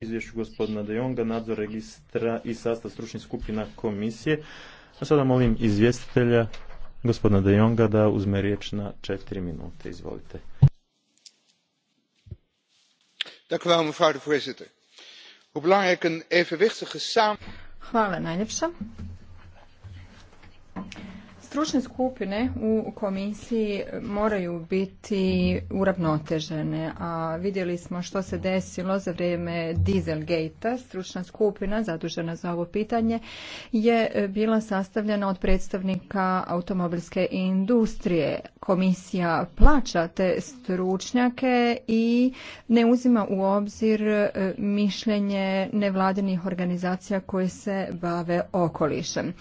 izvješću gospodina Dejonga, Jonga, nadzor registra i sastav stručnih skupina komisije. A sada molim izvjestitelja gospodina De Jonga da uzme riječ na četiri minute. Izvolite. Hvala najljepša. Stručne skupine u komisiji moraju biti uravnotežene, a vidjeli smo što se desilo za vrijeme Dieselgate-a. Stručna skupina zadužena za ovo pitanje je bila sastavljena od predstavnika automobilske industrije. Komisija plaća te stručnjake i ne uzima u obzir e, mišljenje nevladinih organizacija koje se bave okolišem.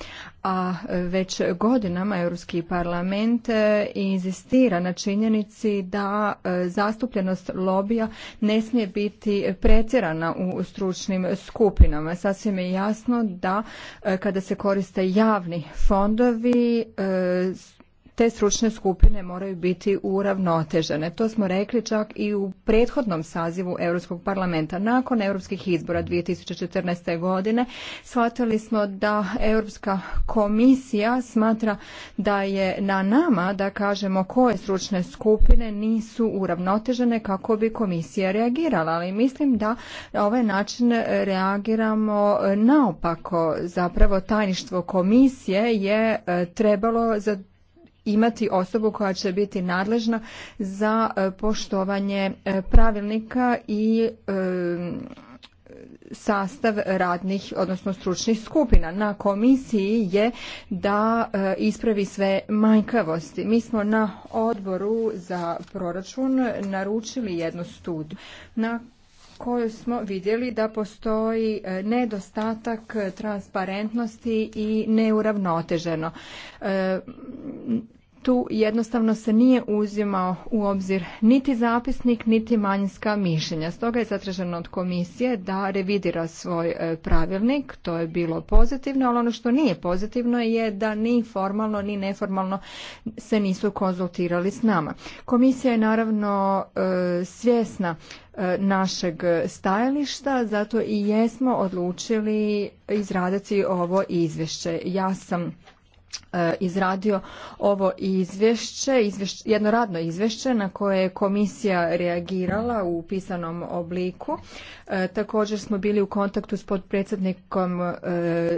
A e, već godinu godinama Europski parlament e, inzistira na činjenici da e, zastupljenost lobija ne smije biti pretjerana u stručnim skupinama. Sasvim je jasno da e, kada se koriste javni fondovi te stručne skupine moraju biti uravnotežene. To smo rekli čak i u prethodnom sazivu Europskog parlamenta. Nakon europskih izbora 2014. godine shvatili smo da Europska komisija smatra da je na nama da kažemo koje stručne skupine nisu uravnotežene kako bi komisija reagirala, ali mislim da na ovaj način reagiramo naopako. Zapravo tajništvo komisije je e, trebalo za imati osobu koja će biti nadležna za e, poštovanje e, pravilnika i e, sastav radnih, odnosno stručnih skupina. Na komisiji je da ispravi sve manjkavosti. Mi smo na odboru za proračun naručili jednu studiju na koju smo vidjeli da postoji e, nedostatak transparentnosti i neuravnoteženo. E, tu jednostavno se nije uzimao u obzir niti zapisnik, niti manjinska mišljenja. Stoga je zatraženo od komisije da revidira svoj e, pravilnik, to je bilo pozitivno, ali ono što nije pozitivno je da ni formalno ni neformalno se nisu konzultirali s nama. Komisija je naravno e, svjesna e, našeg stajališta, zato i jesmo odlučili izraditi ovo izvješće. Ja sam E, izradio ovo izvješće, izvješće, jedno radno izvješće na koje je komisija reagirala u pisanom obliku. E, također smo bili u kontaktu s potpredsjednikom e,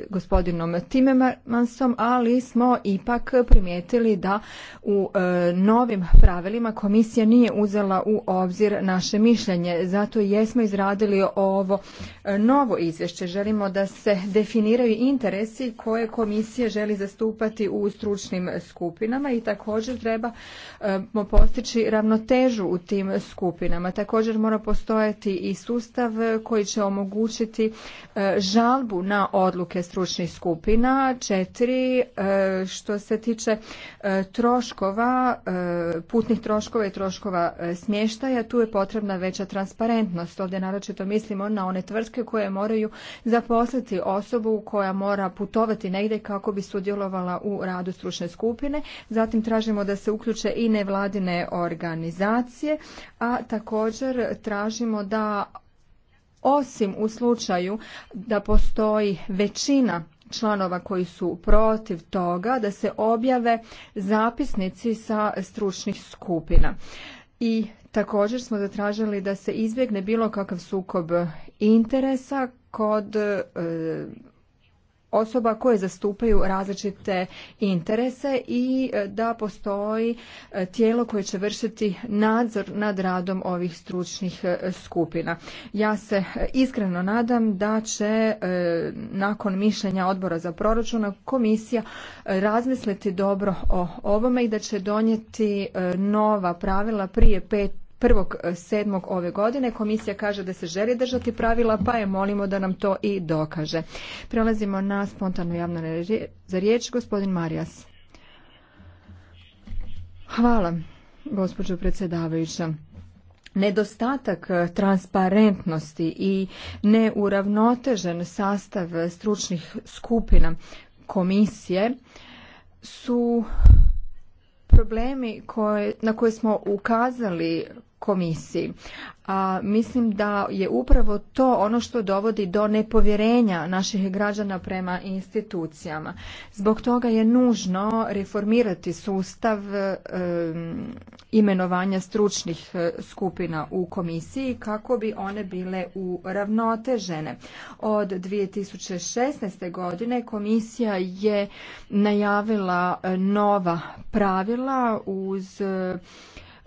gospodinom Timmermansom, ali smo ipak primijetili da u novim pravilima komisija nije uzela u obzir naše mišljenje. Zato jesmo izradili ovo novo izvješće. Želimo da se definiraju interesi koje komisija želi zastupati u stručnim skupinama i također treba e, postići ravnotežu u tim skupinama. Također mora postojati i sustav koji će omogućiti e, žalbu na odluke stručnih skupina. Četiri, e, što se tiče troškova, putnih troškova i troškova smještaja, tu je potrebna veća transparentnost. Ovdje naročito mislimo na one tvrtke koje moraju zaposliti osobu koja mora putovati negdje kako bi sudjelovala u radu stručne skupine. Zatim tražimo da se uključe i nevladine organizacije, a također tražimo da osim u slučaju da postoji većina članova koji su protiv toga da se objave zapisnici sa stručnih skupina. I također smo zatražili da se izbjegne bilo kakav sukob interesa kod e, osoba koje zastupaju različite interese i e, da postoji e, tijelo koje će vršiti nadzor nad radom ovih stručnih e, skupina. Ja se iskreno nadam da će nakon mišljenja odbora za proračun komisija razmisliti dobro o ovome i da će donijeti nova pravila prije pet 1.7. E, ove godine. Komisija kaže da se želi držati pravila, pa je molimo da nam to i dokaže. Prelazimo na spontanu javnu za riječ. Gospodin Marijas. Hvala, gospođo predsjedavajuća nedostatak e, transparentnosti i neuravnotežen sastav stručnih skupina komisije su problemi na koje smo ukazali komisiji. A mislim da je upravo to ono što dovodi do nepovjerenja naših građana prema institucijama. Zbog toga je nužno reformirati sustav imenovanja stručnih e, skupina u komisiji kako bi one bile uravnotežene. Od 2016. godine komisija je najavila e, nova pravila uz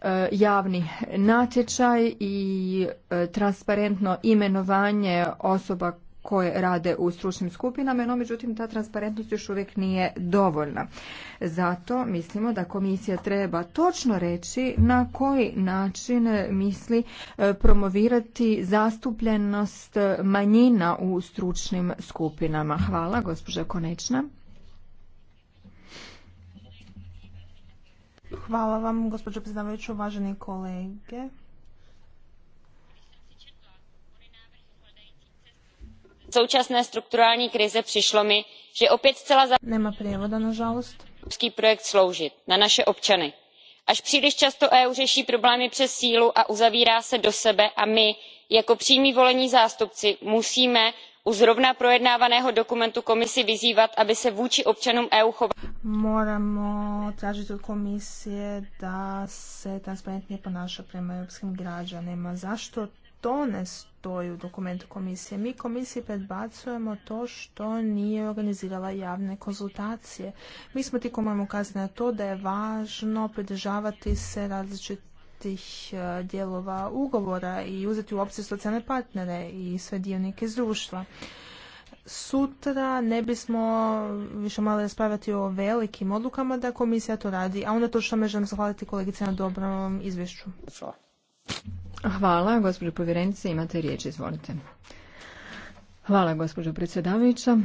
E, javni natječaj i e, transparentno imenovanje osoba koje rade u stručnim skupinama, no međutim ta transparentnost još uvijek nije dovoljna. Zato mislimo da komisija treba točno reći na koji način misli e, promovirati zastupljenost manjina u stručnim skupinama. Hvala, gospođa Konečna. Hvala vam, gospođo predsjedavajuću, uvaženi kolege. Současné strukturální krize přišlo mi, že opět zcela za... Nema prijevoda, nažalost. ...projekt sloužit na naše občany. Až příliš často EU řeší problémy přes sílu a uzavírá se do sebe a my, jako přímí volení zástupci, musíme u zrovna projednávaného dokumentu komisi vyzývat, aby se vůči občanům EU chovala... Moramo tražiti od komisije da se transparentnije ponaša prema europskim građanima. Zašto to ne stoji u dokumentu komisije? Mi komisiji predbacujemo to što nije organizirala javne konzultacije. Mi smo ti komamo ukazali na to da je važno pridržavati se različitih e, dijelova ugovora i uzeti u opciju socijalne partnere i sve dionike zruštva. društva sutra ne bismo više mali raspravljati o velikim odlukama da komisija to radi, a onda to što me želim zahvaliti kolegice na dobrom izvješću. Hvala, gospođo povjerenice, imate riječ, izvolite. Hvala, gospođo predsjedavajuća.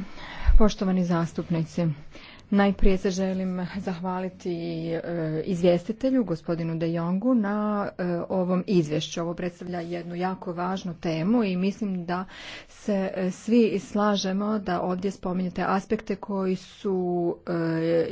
Poštovani zastupnici, Najprije se želim zahvaliti e, izvjestitelju, gospodinu De Jongu, na e, ovom izvješću. Ovo predstavlja jednu jako važnu temu i mislim da se e, svi slažemo da ovdje spominjete aspekte koji su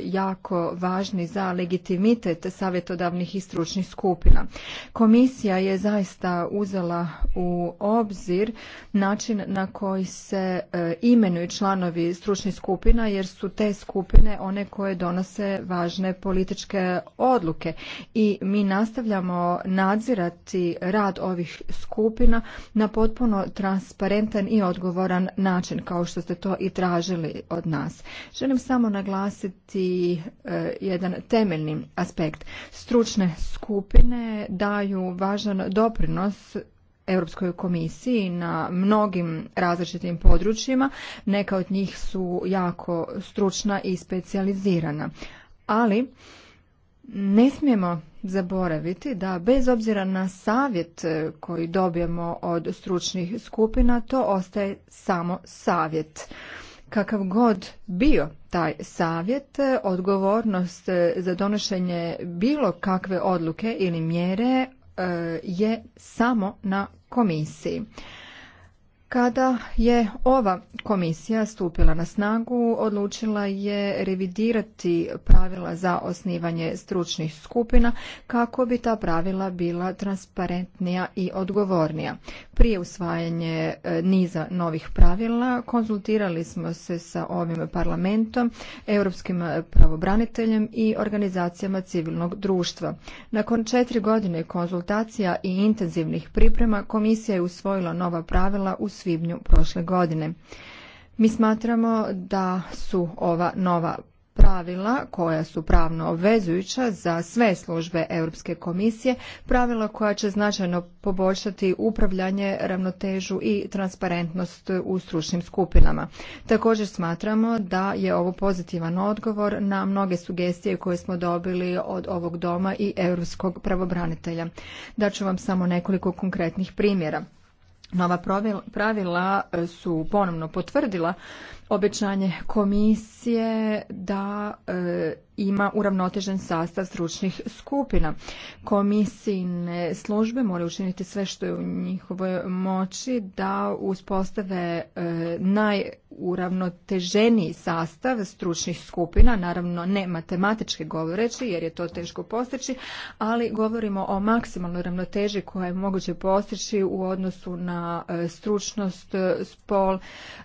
jako važni za legitimitet savjetodavnih i stručnih skupina. Komisija je zaista uzela u obzir način na koji se imenuju članovi stručnih skupina jer su te skupine skupštine one koje donose važne političke odluke i mi nastavljamo nadzirati rad ovih skupina na potpuno transparentan i odgovoran način kao što ste to i tražili od nas. Želim samo naglasiti e, jedan temeljni aspekt. Stručne skupine daju važan doprinos Europskoj komisiji na mnogim različitim područjima. Neka od njih su jako stručna i specijalizirana. Ali ne smijemo zaboraviti da bez obzira na savjet e, koji dobijemo od stručnih skupina, to ostaje samo savjet. Kakav god bio taj savjet, e, odgovornost za donošenje bilo kakve odluke ili mjere je samo na komisiji. Kada je ova komisija stupila na snagu, odlučila je revidirati pravila za osnivanje stručnih skupina kako bi ta pravila bila transparentnija i odgovornija. Prije usvajanje e, niza novih pravila konzultirali smo se sa ovim parlamentom, europskim pravobraniteljem i organizacijama civilnog društva. Nakon četiri godine konzultacija i intenzivnih priprema komisija je usvojila nova pravila u svibnju prošle godine. Mi smatramo da su ova nova pravila koja su pravno obvezujuća za sve službe Europske komisije, pravila koja će značajno poboljšati upravljanje, ravnotežu i transparentnost u stručnim skupinama. Također smatramo da je ovo pozitivan odgovor na mnoge sugestije koje smo dobili od ovog doma i europskog pravobranitelja. Daću vam samo nekoliko konkretnih primjera. Nova pravila e, su ponovno potvrdila obećanje komisije da e, ima uravnotežen sastav stručnih skupina. Komisijne službe moraju učiniti sve što je u njihovoj moći da uspostave e, naj uravnoteženiji sastav stručnih skupina, naravno ne matematički govoreći jer je to teško postići, ali govorimo o maksimalnoj ravnoteži koja je moguće postići u odnosu na e, stručnost, e, spol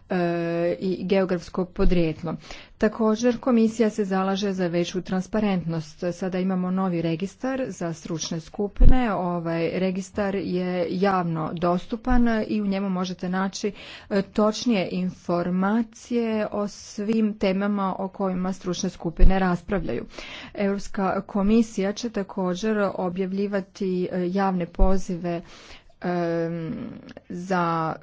e, i geografsko podrijetlo. Također komisija se zalaže za veću transparentnost. Sada imamo novi registar za stručne skupine. Ovaj registar je javno dostupan i u njemu možete naći točnije informacije informacije o svim temama o kojima stručne skupine raspravljaju. Europska komisija će također objavljivati e, javne pozive e, za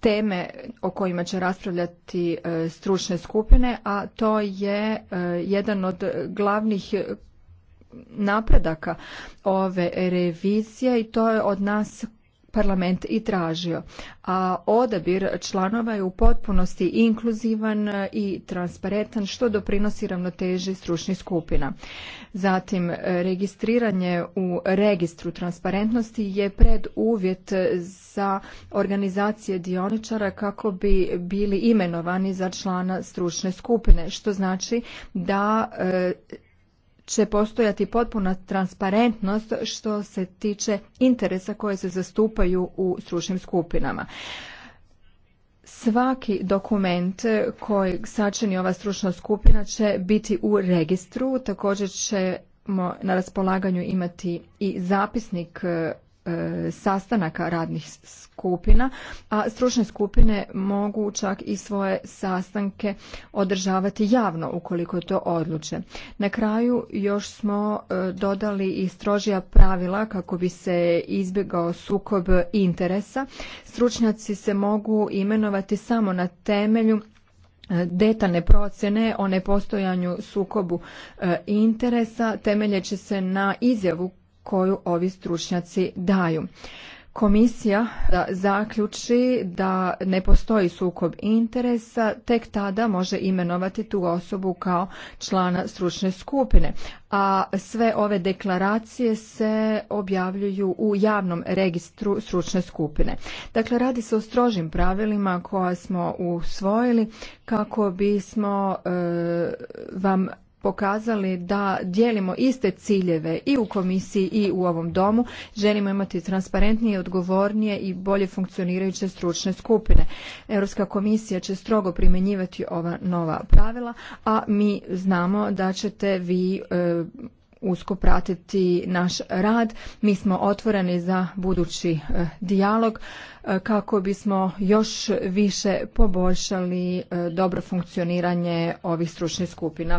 teme o kojima će raspravljati e, stručne skupine, a to je jedan od glavnih napredaka ove revizije i to je od nas parlament i tražio. A odabir članova je u potpunosti inkluzivan i transparentan što doprinosi ravnoteži stručnih skupina. Zatim, registriranje u registru transparentnosti je preduvjet za organizacije dioničara kako bi bili imenovani za člana stručne skupine, što znači da e, će postojati potpuna transparentnost što se tiče interesa koje se zastupaju u stručnim skupinama. Svaki dokument koji sačini ova stručna skupina će biti u registru, također ćemo na raspolaganju imati i zapisnik E, sastanaka radnih skupina, a stručne skupine mogu čak i svoje sastanke održavati javno ukoliko to odluče. Na kraju još smo e, dodali i strožija pravila kako bi se izbjegao sukob interesa. Stručnjaci se mogu imenovati samo na temelju e, detaljne procjene o nepostojanju sukobu interesa temeljeći se na izjavu koju ovi stručnjaci daju. Komisija zaključi da ne postoji sukob interesa, tek tada može imenovati tu osobu kao člana stručne skupine. A sve ove deklaracije se objavljuju u javnom registru stručne skupine. Dakle, radi se o strožim pravilima koja smo usvojili kako bismo e, vam pokazali da dijelimo iste ciljeve i u komisiji i u ovom domu. Želimo imati transparentnije, odgovornije i bolje funkcionirajuće stručne skupine. Europska komisija će strogo primjenjivati ova nova pravila, a mi znamo da ćete vi e, usko pratiti naš rad. Mi smo otvoreni za budući e, dijalog e, kako bismo još više poboljšali dobro funkcioniranje ovih stručnih skupina.